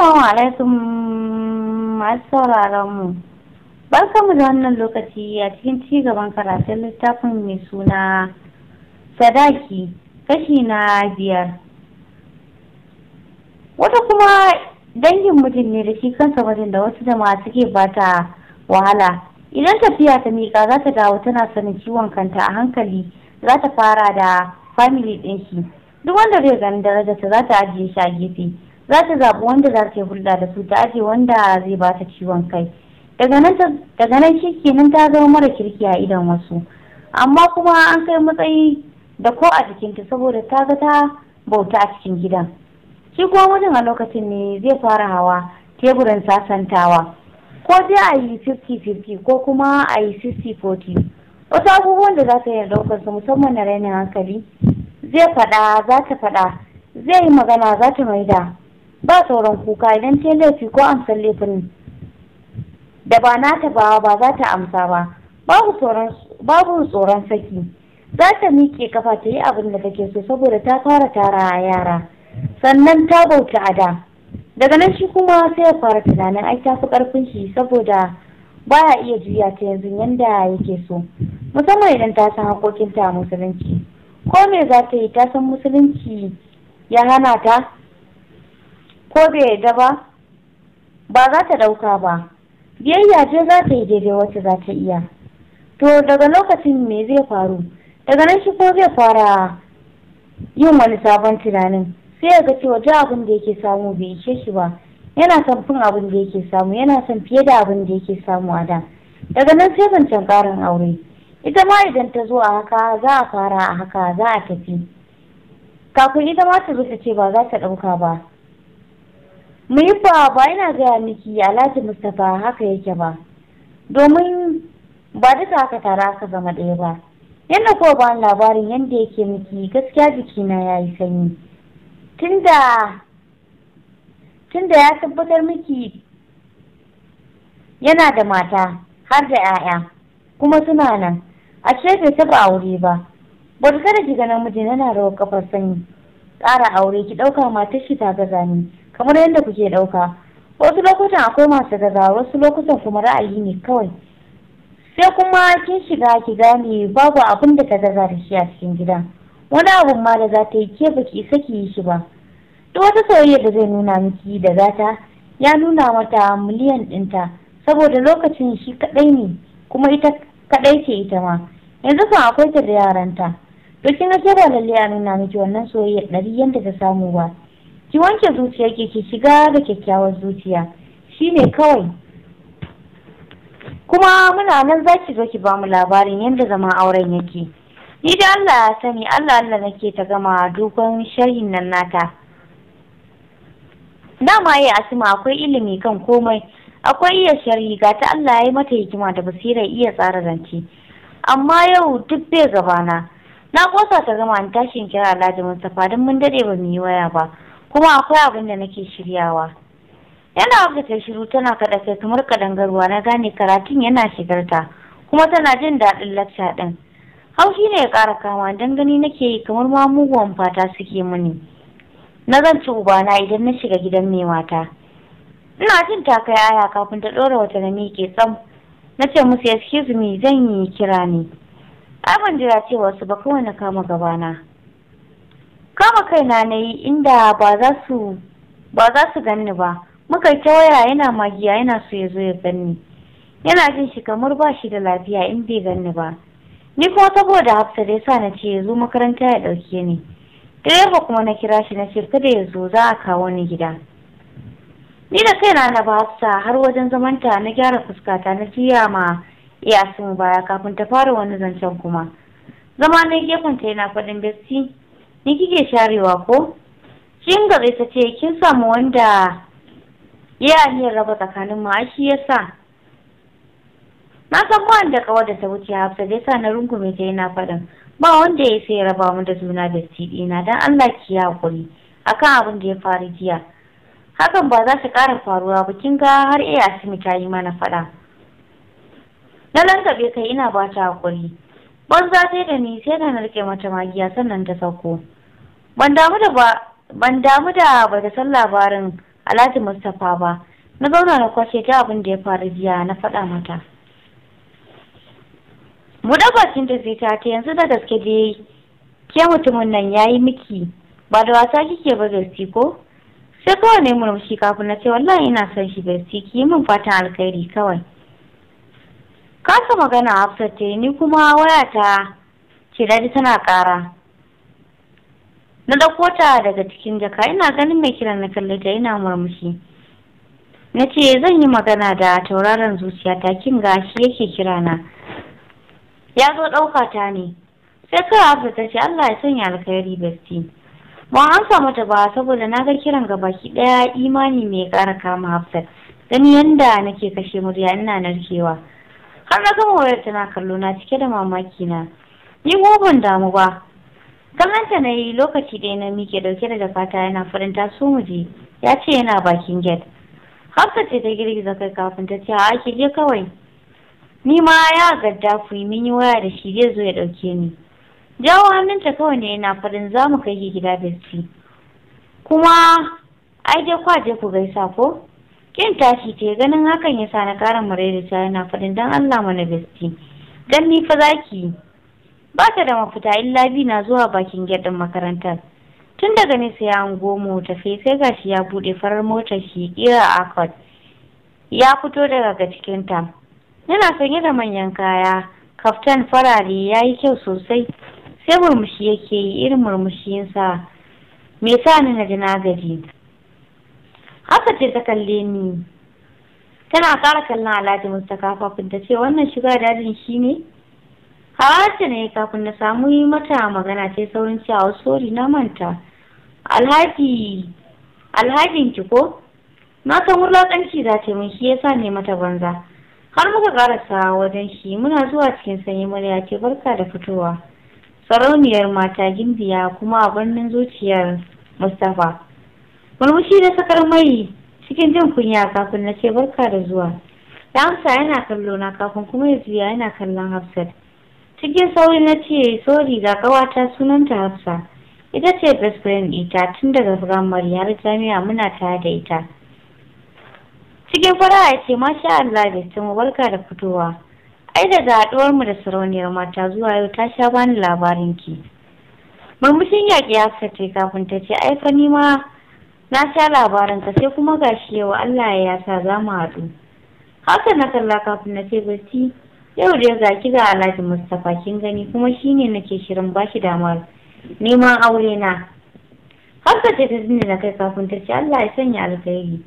Assalamu alaikum masu sauraron mu. da wannan lokaci a cikin ci gaban karatun littafin mai suna Sadaki kashi na biyar. Wata kuma dangin mutum ne da shi kansa wajen da wasu da jama'a suke bata wahala. Idan tafiya ta miƙa za ta dawo tana sanin ciwon kanta a hankali za ta fara da family ɗin shi. Duk wanda zai gani darajarsa za ta ajiye shi a gefe. za ta zaɓi wanda za ta yi hulɗa da su ta ajiye wanda zai ba ta ciwon kai daga nan kirki nan ta zama mara kirki a idan wasu amma kuma an kai matsayi da ko a jikinta saboda ta ga ta bauta a cikin gidan shi kuma mutum a lokacin ne zai fara hawa teburin sasantawa ko dai a yi 50-50 ko kuma a yi 60-40 wasu abubuwan da za ta yi daukar su musamman na rainin hankali zai faɗa za ta faɗa zai yi magana za ta maida ba sauran kuka idan ta laifi ko amsar laifin da ba nata ba ba za ta amsa ba babu tsoron saki za ta miƙe kafa ta yi abin da take so saboda ta fara tara a yara sannan ta bauta a da daga nan shi kuma sai ya fara tunanin ai ta fi ƙarfin shi saboda baya iya juya ta yanzu yanda yake so musamman idan ta san haƙoƙinta a musulunci ko me za ta yi ta san musulunci ya hana ta ko bai yarda ba ba za ta ɗauka ba biyayya ce za ta yi daidai wacce za ta iya to daga lokacin me zai faru daga nan shi ko zai fara yin wani sabon tunanin sai ya ga cewa duk abin da yake samu bai ishe shi ba yana son fin abin da yake samu yana son fiye da abin da yake samu a da daga nan sai zancen karin aure ita ma idan ta zo a haka za a fara a haka za a tafi kafin ita ma ta ta ce ba za ta ɗauka ba Mu yi ba ba yana gaya miki alhaji mustapha haka yake ba domin ba duka aka tara aka zama ɗaya ba yadda kuwa ba labarin yadda yake miki gaskiya jikina ya yi sanyi tunda tunda ya tabbatar miki yana da mata har da 'ya'ya kuma suna nan a ce bai taba aure ba ba kada ki ga namiji yana rawar kafar sanyi ƙara aure ki ɗauka matar shi ta gaza ni kamar yadda kuke ɗauka wasu lokutan akwai masu gaza wasu lokutan kuma ra'ayi ne kawai sai kuma kin shiga ki gane babu abin da ka gaza da shi a cikin gida wani abun ma da za ta yi ke baki isa ki yi shi ba duk wata soyayya da zai nuna miki da gata ya nuna mata miliyan ɗinta saboda lokacin shi kaɗai ne kuma ita kaɗai ce ita ma yanzu kan akwai ta da yaranta to kin ga ke ba lalle a nuna miki wannan soyayya ɗari yadda ta samu ba ki wanke zuciyar ki shiga da kyakkyawar zuciya Shi ne kawai kuma muna nan za ki zo ki ba mu labarin yadda zama auren yake ni da Allah ya sani Allah Allah nake ta gama dukan sharhin nan nata dama ya asima akwai ilimi kan komai akwai iya sharhi ga ta Allah ya yi mata hikima da basira iya tsara zance amma yau duk bai gabana na kosa ta gama an tashin kira Alhaji Mustapha don mun dade ba mu yi waya ba kuma akwai abin da nake shiryawa yana wanda ta shiru tana kaɗa kai kamar kadangarwa na gane karatun yana shigarta kuma tana jin daɗin lacca ɗin haushi ne ya ƙara kama don gani nake yi kamar ma muguwan fata suke muni na zan ci ubana idan na shiga gidan mai mata ina jin ta kai aya kafin ta ɗora wata na miƙe tsam na ce musu excuse me zan yi kira ne ai ban jira cewa su ba kawai na kama gabana kama kaina na yi inda ba za su ba za su ganni ba muka ta waya yana magiya yana so ya zo ya ganni yana jin shi kamar ba shi da lafiya in bai ganni ba ni kuma saboda hafsa da yasa na ce ya zo makaranta ya ɗauke ni direba kuma na kira shi na ce kada ya zo za a kawo ni gida ni da kaina na ba hafsa har wajen zamanta na gyara fuskata na juya ma iyasin baya kafin ta fara wani zancen kuma zama na gefen ta yana faɗin gaskiya ni kike sharewa ko jingar ita ce kin samu wanda ya aniyar raba tsakanin mu shi yasa na san ba wanda kawar da ta wuce hafsa da yasa na rungume ta yana faɗin ba wanda ya sai raba mu da juna da ɗina dan Allah ki hakuri akan abin da ya faru jiya hakan ba za shi ƙara faruwa ba kin ga har iya asimi ta yi mana faɗa na langabe kai ina ba ta hakuri banza ta da ni sai na narke mata magiya sannan ta sauko ban damu da ba ta san labarin alhaji mustapha ba na zauna na kwashe ta abin da ya faru jiya na faɗa mata mu bakin da zai ta yanzu da gaske dai ke mutumin nan ya yi miki ba da wasa kike ba gaske ko sai kawai ne murmushi kafin na ce wallahi ina son shi gaske ki yi min fatan alkhairi kawai kasa magana Hafsat ce ni kuma waya ta ce daji tana kara Na ɗauko ta daga cikin jaka ina ganin mai kiran na kalle ta ina murmushi. Na ce zan yi magana da tauraron zuciya ta kin gashi yake kira na. Ya zo ɗauka ta ne. Sai kawai Hafsat ta ce Allah ya sanya alkhairi basti. Mun amsa mata ba saboda na ga kiran ga baki ɗaya imani mai ƙara kama Hafsat. Gani yanda nake kashe murya ina narkewa. har na gama wayar tana kallo na cike da mamaki na ni ko ban damu ba kallanta na yi lokaci ɗaya na mike dauke da jakata yana farin ta so muje ya ce yana bakin gate hafsa ce ta girgiza kai kafin ta ce a ke je kawai ni ma ya gadda ku yi min waya da shi zai zo ya ɗauke ni jawo hannunta kawai ne yana farin za mu kai gida da kuma ai dai kwaje ku gaisa ko kin tashi ce ganin hakan ya sa na kara murya da na faɗin don Allah mana besti dan ni fa zaki ba ta da mafita illa bi na zuwa bakin gyaɗin makarantar tun daga nesa ya ango mu tafi sai gashi ya buɗe farar mota shi kira akot ya fito daga cikin ta yana sanye da manyan kaya kaftan farare ya yi kyau sosai sai murmushi yake yi irin murmushinsa me sa ni na ji na gaji Hafsa ce ta kalle ni. Tana ƙara kallon Alhaji Mustapha kafin ta ce wannan shiga dajin shi ne? na ne kafin na samu yi mata magana ce saurin cewa sori na manta. Alhaji Alhajin ki ko? Na san wulaƙanci za ta min shi yasa ne mata banza. Har muka ƙarasa wajen shi muna zuwa cikin sanyi murya ce barka da fitowa. Sarauniyar mata gimbiya kuma a birnin zuciyar Mustapha. murmushi na sakar mai cikin jin kunya kafin na ce barka da zuwa ya amsa yana kallo na kafin kuma ya juya yana kallon hafsat cikin sauri na ce sori ga kawata sunanta hafsa ita ce best friend ita tun daga firamare har jami'a muna tare da ita cikin fara ya ce masha Allah da ta mu barka da fitowa ai daga haɗuwar mu da sarauniyar mata zuwa yau ta sha bani labarin ki murmushin yaƙi hafsa ce kafin ta ce ai fa ni ma na sha ka sai kuma ga shi yau Allah ya yasa za mu haɗu haka na kalla kafin na ce bacci yau da ga ki ga Alhaji Mustapha kin gani kuma shine nake shirin ba shi damar neman aure na haka ce ta zini na kai kafin ta ce Allah ya sanya alkhairi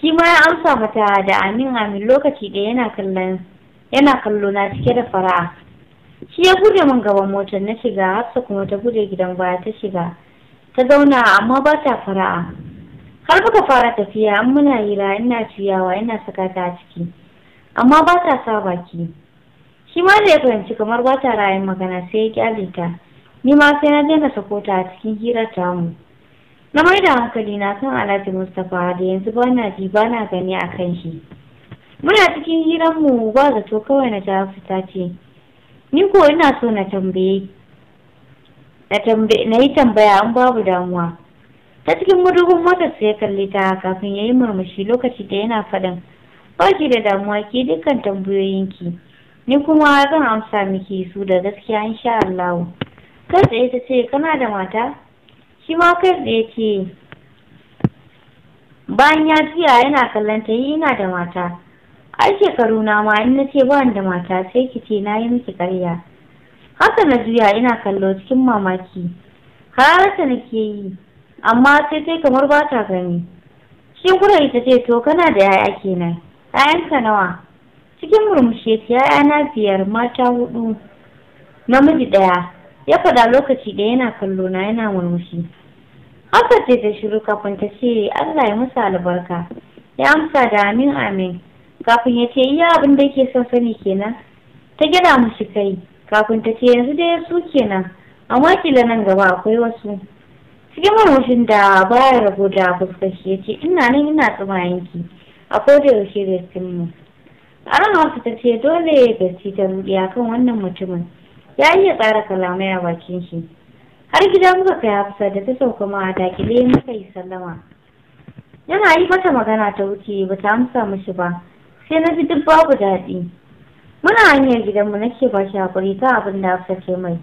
shi ma ya amsa mata da amin amin lokaci ɗaya yana kallon yana kallo na cike da fara'a shi ya buɗe min gaban motar na shiga hafsa kuma ta buɗe gidan baya ta shiga ta zauna amma ba ta fara'a har muka fara tafiya an muna hira ina ciyawa ina saka ta a ciki amma ba ta sa baki shi ma da ya fahimci kamar ba ta rayin magana sai ya kyale ta ni ma sai na daina sako a cikin hirar mu. na mai da hankali na kan alhaji mustapha da yanzu ba na ji ba na gani a kan shi muna cikin hiran hiranmu ba zato kawai na ta fita ce ni ko ina so na tambaye na yi tambaya an babu damuwa ta cikin madubin motar sai ya kalli ta kafin ya yi murmushi lokaci da yana faɗin baki da damuwa ke dukkan ki. ni kuma zan amsa miki su da gaskiya sha Allah kai tsaye ta ce kana da mata shi ma kai tsaye ce bayan ya tsaya yana kallon ta yi ina da mata ai shekaru na ma in na ce ba da mata sai ki ce na yi miki karya haka na juya ina kallo cikin mamaki hararta nake yi amma sai sai kamar ba ta gani shi kuna ta ce to kana da yaya kenan yayanka nawa cikin murmushi ta yaya na biyar mata hudu namiji daya ya faɗa lokaci da yana kallo na yana murmushi haka ce ta shiru kafin ta ce allah ya musa albarka ya amsa da amin amin kafin ya ce iya abin da yake son sani kenan ta gina mushi kai kafin ta ce yanzu dai su kenan amma kila nan gaba akwai wasu cikin murmushin da baya rabu da fuskashi ya ce ina nan ina tsima ki a koda yaushe da sinmu a ran wasu ta ce dole besti ta rudi kan wannan mutumin ya iya tsara kalamai a bakin shi har gida muka kai hafsa da ta sauka ma a dakile muka yi sallama yana yi mata magana ta wuce ba ta amsa mishi ba sai na ji duk babu daɗi muna hanyar gidanmu nake ba shi haƙuri ta abin da aka ce mai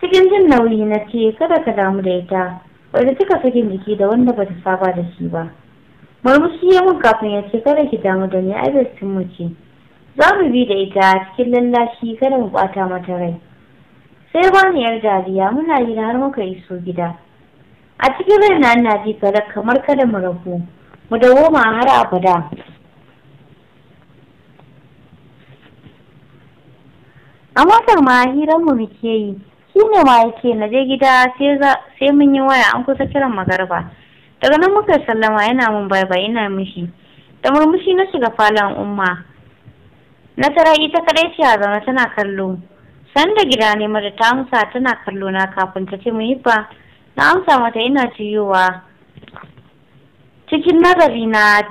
cikin jin nauyi na ce kada ka damu da ita wadda cika sakin jiki da wanda ba ta saba da shi ba murmushi ya mun kafin ya ce kada ki damu da ni aibestin mu ce za mu bi da ita cikin lallashi kada mu ɓata mata rai sai bani yar dariya muna yi har muka iso gida a cikin na ina ji kamar kada mu rabu mu dawo ma har abada a motar ma hirar mu muke yi shi ne ma yake na je gida sai mun yi waya an kusa kiran magarba daga nan muka sallama yana mun bai ina mishi da murmushi na shiga falon umma na tara ita kadai ce a zaune tana kallo San da gida ne mata ta amsa tana kallo na kafin ta ce mu yi ba na amsa mata ina ciyowa cikin nazari na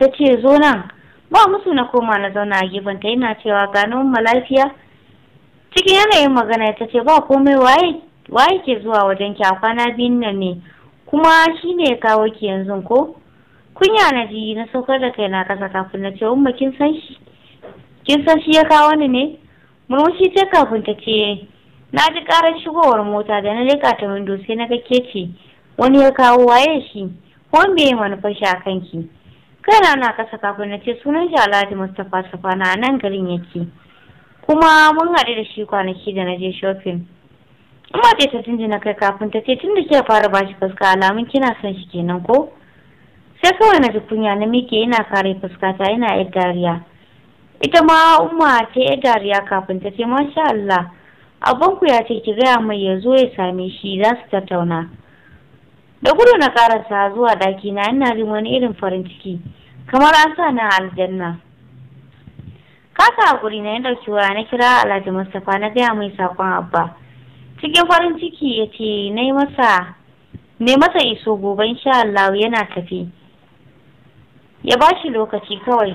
ta ce zo nan ba musu na koma na zauna a gefenta ina cewa gano ma lafiya cikin yanayin magana ta ce ba komai waye ke zuwa wajen ki a kwana biyun nan ne kuma shi ne ya kawo ki yanzu ko kunya na ji na saukar da kai na kasa kafin na ce umma kin san shi ya kawo ni ne murmushi ta kafin ta ce na ji karar shigowar mota da na leka ta windo sai na ga keci wani ya kawo waye shi ko me ya manufar shi a kanki kaina na kasa kafin na ce sunan shi alhaji mustapha safana a nan garin yake kuma mun haɗu da shi kwanaki da na je shopping amma ce ta tunji na kai kafin ta ce tun da kika fara bashi fuska alamun kina son shi kenan ko sai kawai na ji kunya na mike ina kare fuskata ina yar dariya ita ma umma ta yar dariya kafin ta ce masha Allah abban ku ya ce ki gaya mai ya zo ya same shi za su tattauna da gudu na karasa zuwa daki na ina jin wani irin farin ciki kamar an sa na aljanna kasa hakuri na ya ɗauki na kira alhaji mustapha na gaya mai sakon abba cikin farin ciki ya ce na yi masa iso gobe insha allahu yana tafi ya ba shi lokaci kawai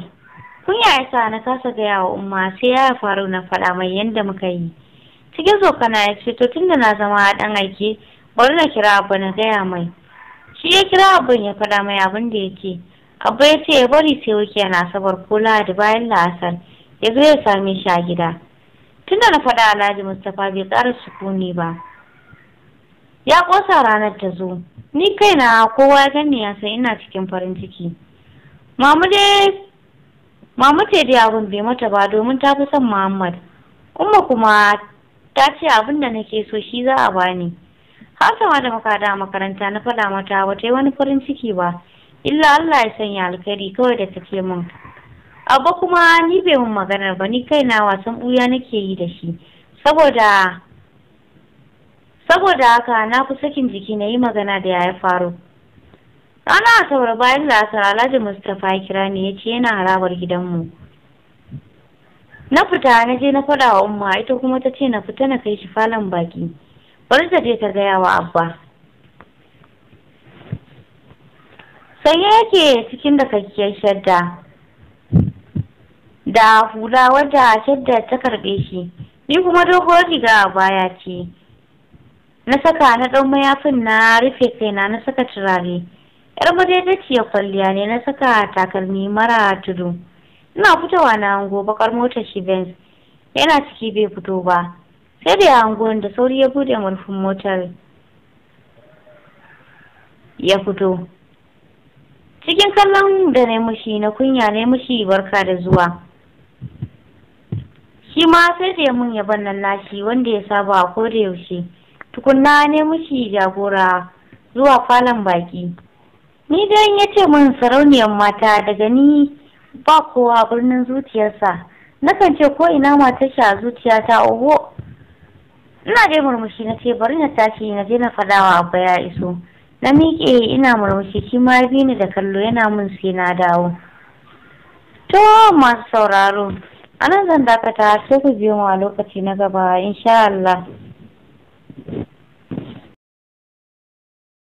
kunya ya sa na kasa gaya wa umma sai ya faru na faɗa mai yadda muka yi cikin tsokana ya ce to tunda na zama a ɗan aike bari na kira Abba na gaya mai shi ya kira abin ya faɗa mai abin da ya ce Abba ya ce ya bari sai wuke na sabar ko lahadi bayan la'asar ya zo ya same shi a gida Tunda da na faɗa alhaji mustapha bai ƙara sukuni ba ya ƙosa ranar ta zo ni kaina kowa ya gani ya san ina cikin farin ciki mamu dai mamu ce dai abin bai mata ba domin ta fi son muhammad umma kuma ta ce abin da nake so shi za a bani har sama da makada da makaranta na faɗa mata ba ta yi wani farin ciki ba illa allah ya sanya alkhairi kawai da ta take min Abba kuma ni bai mun maganar ba ni kaina wasan ɓuya nake yi da shi. Saboda saboda haka na fi sakin jiki na yi magana da yaya faru. Ana saura bayan la'asar Alhaji Mustapha ya kira ni ya ce yana harabar gidanmu. Na fita na je na faɗa wa umma ita kuma ta ce na fita na kai shi falon baki. Bari ta je ta gaya wa abba. Sanye yake cikin da kakkiyar shadda. da hula wadda shadda ta karɓe shi ni kuma doguwar riga baya ce na saka na ɗan mayafin na rufe kaina na saka turare yar madaidaiciyar kwalliya ne na saka takalmi mara tudu ina fitowa na hango bakar motar shi benz yana ciki bai fito ba sai da ya hango da sauri ya bude murfin motar ya fito cikin kallon da na mushi na kunya na mushi barka da zuwa shi ma sai da mun yaban nan nashi wanda ya saba a koda yaushe tukunna ne mushi jagora zuwa falon baki ni dai ya ce min sarauniyar mata daga ni ba kowa birnin zuciyarsa nakan ce ko ina matar sha zuciya ta oho ina dai murmushi na ce bari na tashi na je na faɗawa abba ya iso na miƙe ina murmushi shi ma ya bi ni da kallo yana min sai na dawo to masu sauraro anan zan dakata sai ku biyo mu a lokaci na gaba insha Allah